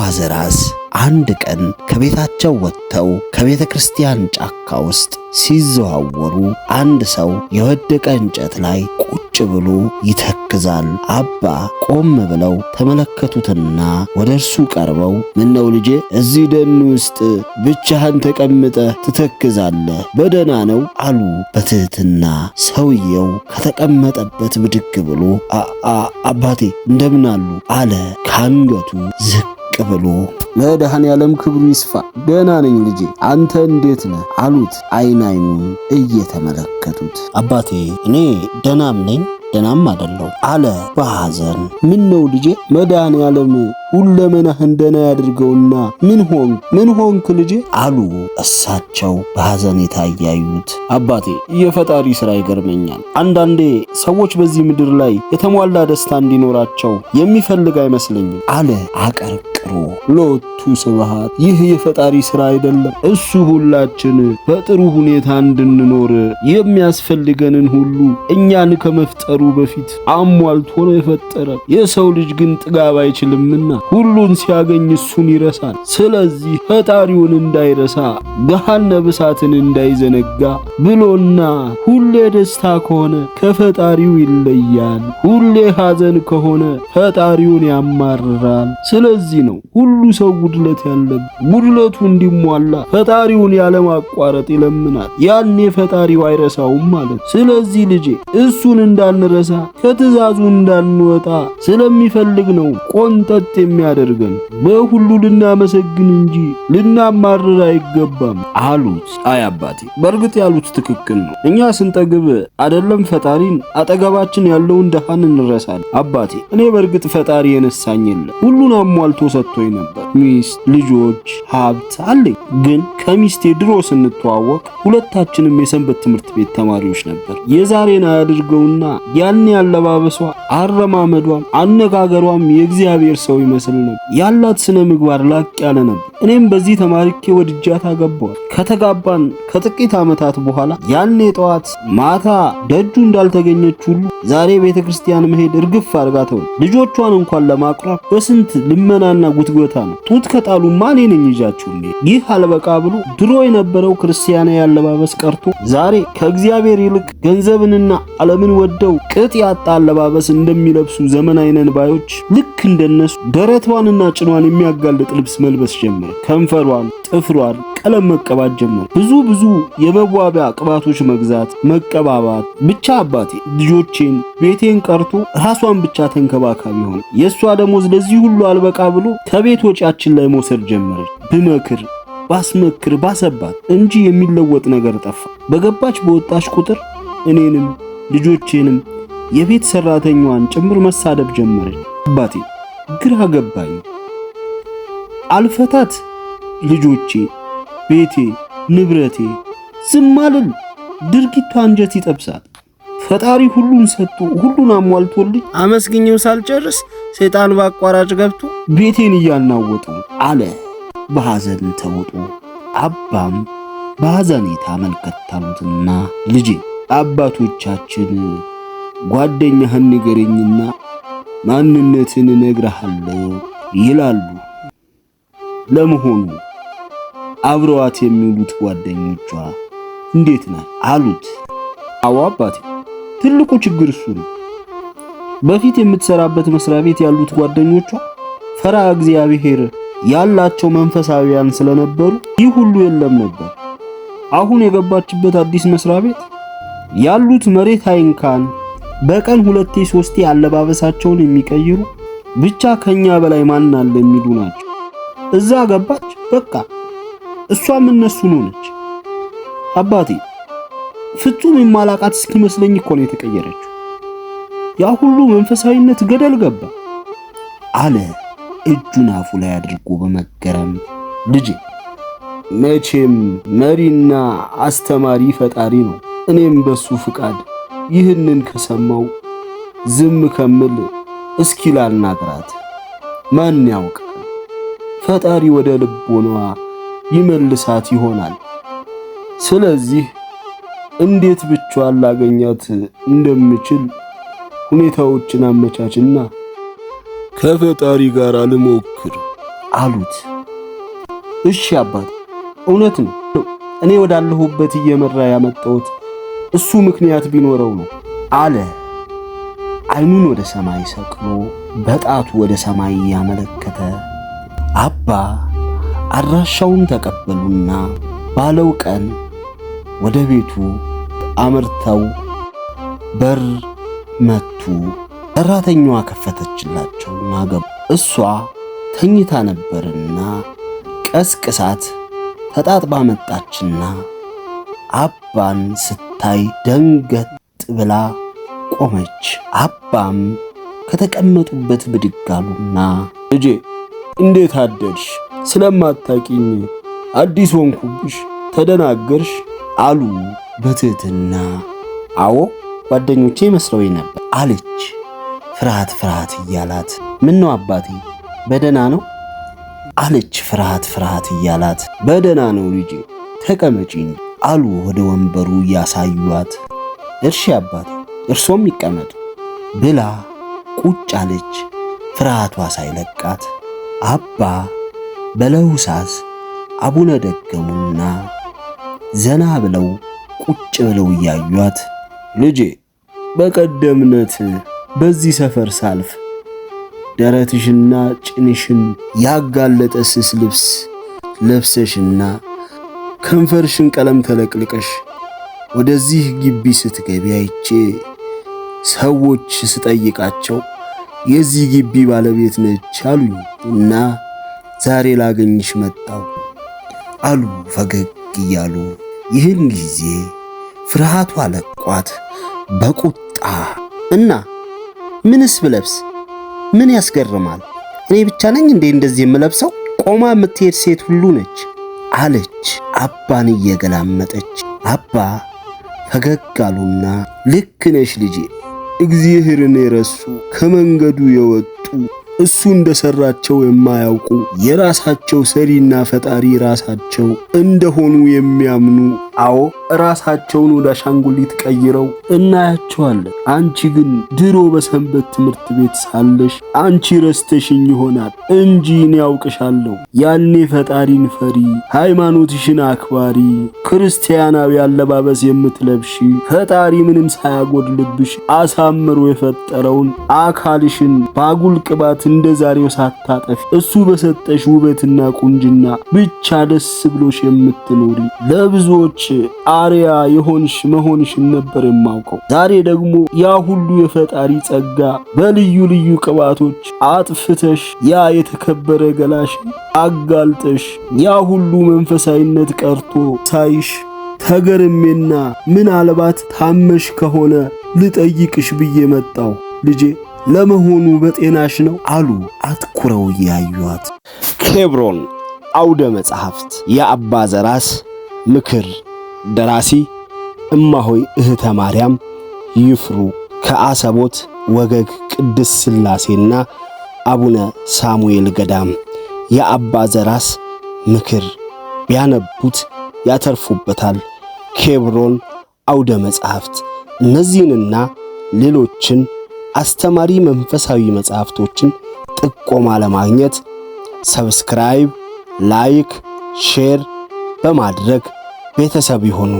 አባዘራስ አንድ ቀን ከቤታቸው ወጥተው ከቤተ ክርስቲያን ጫካ ውስጥ ሲዘዋወሩ አንድ ሰው የወደቀ እንጨት ላይ ቁጭ ብሎ ይተክዛል። አባ ቆም ብለው ተመለከቱትና ወደ እርሱ ቀርበው ምነው ልጄ እዚህ ደን ውስጥ ብቻህን ተቀምጠህ ትተክዛለህ? በደና ነው አሉ በትህትና። ሰውየው ከተቀመጠበት ብድግ ብሎ አባቴ እንደምን አሉ አለ ከአንገቱ ዝቅ ብቅ ብሎ መድኃኔ ክብሩ ይስፋ፣ ደህና ነኝ ልጄ፣ አንተ እንዴት ነህ አሉት፣ አይን አይኑን እየተመለከቱት። አባቴ እኔ ደህናም ነኝ ደህናም አደለው አለ በሐዘን። ምን ነው ልጄ መድኃኔ ሁለመናህ እንደና ያድርገውና ምን ሆን ምን ሆንክ ልጄ አሉ እሳቸው በሐዘኔታ እያዩት። አባቴ የፈጣሪ ሥራ ይገርመኛል። አንዳንዴ ሰዎች በዚህ ምድር ላይ የተሟላ ደስታ እንዲኖራቸው የሚፈልግ አይመስለኝም አለ አቀርቅሮ። ሎቱ ስብሃት ይህ የፈጣሪ ሥራ አይደለም። እሱ ሁላችን በጥሩ ሁኔታ እንድንኖር የሚያስፈልገንን ሁሉ እኛን ከመፍጠሩ በፊት አሟልቶ ነው የፈጠረ። የሰው ልጅ ግን ጥጋብ አይችልምና ሁሉን ሲያገኝ እሱን ይረሳል። ስለዚህ ፈጣሪውን እንዳይረሳ ገሃነመ እሳትን እንዳይዘነጋ ብሎና ሁሌ ደስታ ከሆነ ከፈጣሪው ይለያል። ሁሌ ሐዘን ከሆነ ፈጣሪውን ያማርራል። ስለዚህ ነው ሁሉ ሰው ጉድለት ያለበት። ጉድለቱ እንዲሟላ ፈጣሪውን ያለማቋረጥ ይለምናል። ያኔ ፈጣሪው አይረሳውም ማለት። ስለዚህ ልጄ እሱን እንዳንረሳ ከትእዛዙ እንዳንወጣ ስለሚፈልግ ነው ቆንጠጥ የሚያደርገን። በሁሉ ልናመሰግን እንጂ ልናማርር አይገባም አሉት። አይ አባቴ፣ በእርግጥ ያሉት ትክክል ነው። እኛ ስንጠ ስናጠግብ አደለም ፈጣሪን አጠገባችን ያለውን ድሃን እንረሳል። አባቴ እኔ በእርግጥ ፈጣሪ የነሳኝ የለም፣ ሁሉን አሟልቶ ሰጥቶኝ ነበር። ሚስት፣ ልጆች፣ ሀብት አለኝ። ግን ከሚስቴ ድሮ ስንተዋወቅ ሁለታችንም የሰንበት ትምህርት ቤት ተማሪዎች ነበር። የዛሬን አያድርገውና ያኔ አለባበሷ፣ አረማመዷም፣ አነጋገሯም የእግዚአብሔር ሰው ይመስል ነበር። ያላት ስነ ምግባር ላቅ ያለ ነበር። እኔም በዚህ ተማሪኬ ወድጃት አገባዋል። ከተጋባን ከጥቂት ዓመታት በኋላ ያኔ ጠዋት ማታ ደጁ እንዳልተገኘች ሁሉ ዛሬ ቤተ ክርስቲያን መሄድ እርግፍ አርጋተው ልጆቿን እንኳን ለማቅረብ በስንት ልመናና ጉትጎታ ነው። ጡት ከጣሉ ማን ነኝ ይዣችሁ። ይህ አልበቃ ብሎ ድሮ የነበረው ክርስቲያናዊ አለባበስ ቀርቶ ዛሬ ከእግዚአብሔር ይልቅ ገንዘብንና ዓለምን ወደው ቅጥ ያጣ አለባበስ እንደሚለብሱ ዘመናዊ ነን ባዮች ልክ እንደነሱ ደረቷንና ጭኗን የሚያጋልጥ ልብስ መልበስ ጀመረ። ከንፈሯን፣ ጥፍሯን ቀለም መቀባት ጀመር። ብዙ ብዙ የመዋቢያ ቅባቶች መግዛት፣ መቀባባት። ብቻ አባቴ ልጆቼን፣ ቤቴን ቀርቶ ራሷን ብቻ ተንከባካቢ ሆነ። የእሷ ደሞዝ ለዚህ ሁሉ አልበቃ ብሎ ከቤት ወጪያችን ላይ መውሰድ ጀመረች። ብመክር ባስመክር ባሰባት እንጂ የሚለወጥ ነገር ጠፋ። በገባች በወጣች ቁጥር እኔንም ልጆቼንም የቤት ሰራተኛዋን ጭምር መሳደብ ጀመረች። አባቴ ግራ ገባኝ። አልፈታት ልጆቼ ቤቴ ንብረቴ ዝም አልል። ድርጊቱ አንጀት ይጠብሳል። ፈጣሪ ሁሉን ሰጥቶ ሁሉን አሟልቶልኝ አመስግኘው ሳልጨርስ ሰይጣን በአቋራጭ ገብቶ ቤቴን እያናወጡ አለ በሐዘን ተውጦ። አባም በሐዘኔታ መልከታሉትና ልጅ ልጄ አባቶቻችን ጓደኛህን ንገረኝና ማንነትን እነግርሃለሁ ይላሉ። ለመሆኑ አብረዋት የሚውሉት ጓደኞቿ እንዴት ነህ አሉት። አዎ አባቴ፣ ትልቁ ችግር እሱ ነው። በፊት የምትሰራበት መስሪያ ቤት ያሉት ጓደኞቿ ፈራ እግዚአብሔር ያላቸው መንፈሳዊያን ስለነበሩ ይህ ሁሉ የለም ነበር። አሁን የገባችበት አዲስ መስሪያ ቤት ያሉት መሬት አይንካን፣ በቀን ሁለቴ ሶስቴ አለባበሳቸውን የሚቀይሩ ብቻ ከኛ በላይ ማን አለ የሚሉ ናቸው። እዛ ገባች በቃ እሷም እነሱን ሆነች። አባቴ ፍጹም የማላቃት እስኪመስለኝ እኮ ነው የተቀየረችው። ያ ሁሉ መንፈሳዊነት ገደል ገባ አለ እጁን አፉ ላይ አድርጎ በመገረም ልጄ መቼም መሪና አስተማሪ ፈጣሪ ነው። እኔም በሱ ፍቃድ ይህንን ከሰማው ዝም ከምል እስኪ ላልናግራት ማን ያውቃል? ፈጣሪ ወደ ልቦናዋ ይመልሳት ይሆናል። ስለዚህ እንዴት ብቻዋን ላገኛት እንደምችል ሁኔታዎችን አመቻችና ከፈጣሪ ጋር ልሞክር አሉት። እሺ አባት፣ እውነት ነው እኔ ወዳለሁበት እየመራ ያመጣሁት እሱ ምክንያት ቢኖረው ነው አለ። አይኑን ወደ ሰማይ ሰቅሎ በጣቱ ወደ ሰማይ ያመለከተ አባ አድራሻውን ተቀበሉና ባለው ቀን ወደ ቤቱ አምርተው በር መቱ። ሰራተኛዋ ከፈተችላቸውና ገቡ። እሷ ተኝታ ነበርና ቀስቅሳት ተጣጥባ መጣችና አባን ስታይ ደንገጥ ብላ ቆመች። አባም ከተቀመጡበት ብድግ አሉና ልጄ እንዴት አደርሽ? ስለማታቂኝ አዲስ ወንኩብሽ ተደናገርሽ አሉ በትህትና። አዎ ጓደኞቼ መስለውኝ ነበር አለች ፍርሃት ፍርሃት እያላት። ምን ነው አባቴ በደና ነው አለች ፍርሃት ፍርሃት እያላት። በደና ነው ልጄ ተቀመጪኝ አሉ ወደ ወንበሩ እያሳዩዋት። እርሺ አባቴ እርሶም ይቀመጡ ብላ ቁጭ አለች ፍርሃቷ ሳይለቃት አባ በለሆሳስ አቡነ ደገሙና ዘና ብለው ቁጭ ብለው እያዩት ልጄ በቀደምነት በዚህ ሰፈር ሳልፍ ደረትሽና ጭንሽን ያጋለጠ ስስ ልብስ ለብሰሽና ከንፈርሽን ቀለም ተለቅልቀሽ ወደዚህ ግቢ ስትገቢ አይቼ ሰዎች ስጠይቃቸው የዚህ ግቢ ባለቤት ነች አሉኝ እና ዛሬ ላገኝሽ መጣው አሉ ፈገግ እያሉ። ይህን ጊዜ ፍርሃቱ አለቋት በቁጣ እና ምንስ ብለብስ ምን ያስገርማል? እኔ ብቻ ነኝ እንዴ እንደዚህ የምለብሰው? ቆማ የምትሄድ ሴት ሁሉ ነች አለች አባን እየገላመጠች። አባ ፈገግ አሉና ልክ ነሽ ልጄ፣ እግዚአብሔርን የረሱ ከመንገዱ የወጡ እሱ እንደሰራቸው የማያውቁ የራሳቸው ሰሪና ፈጣሪ ራሳቸው እንደሆኑ የሚያምኑ አዎ ራሳቸውን ወደ አሻንጉሊት ቀይረው እናያቸዋለን። አንቺ ግን ድሮ በሰንበት ትምህርት ቤት ሳለሽ አንቺ ረስተሽኝ ይሆናል እንጂ እኔ ያውቅሻለሁ። ያኔ ፈጣሪን ፈሪ፣ ሃይማኖትሽን አክባሪ፣ ክርስቲያናዊ አለባበስ የምትለብሺ ፈጣሪ ምንም ሳያጎድልብሽ አሳምሮ የፈጠረውን አካልሽን ባጉል ቅባት እንደ ዛሬው ሳታጠፊ እሱ በሰጠሽ ውበትና ቁንጅና ብቻ ደስ ብሎሽ የምትኖሪ ለብዙዎች አርያ የሆንሽ መሆንሽን ነበር የማውቀው። ዛሬ ደግሞ ያ ሁሉ የፈጣሪ ጸጋ በልዩ ልዩ ቅባቶች አጥፍተሽ ያ የተከበረ ገላሽን አጋልጠሽ ያ ሁሉ መንፈሳዊነት ቀርቶ ሳይሽ ተገርሜና ምናልባት ታመሽ ከሆነ ልጠይቅሽ ብዬ መጣው ልጄ ለመሆኑ በጤናሽ ነው አሉ አትኩረው እያዩአት። ኬብሮን አውደ መጽሐፍት የአባ ዘራስ ምክር ደራሲ እማሆይ እህተ ማርያም ይፍሩ ከአሰቦት ወገግ ቅድስት ሥላሴና አቡነ ሳሙኤል ገዳም የአባ ዘራስ ምክር ቢያነቡት ያተርፉበታል። ኬብሮን አውደ መጻሕፍት እነዚህንና ሌሎችን አስተማሪ መንፈሳዊ መጻሕፍቶችን ጥቆማ ለማግኘት ሰብስክራይብ፣ ላይክ፣ ሼር በማድረግ ቤተሰብ ይሁኑ።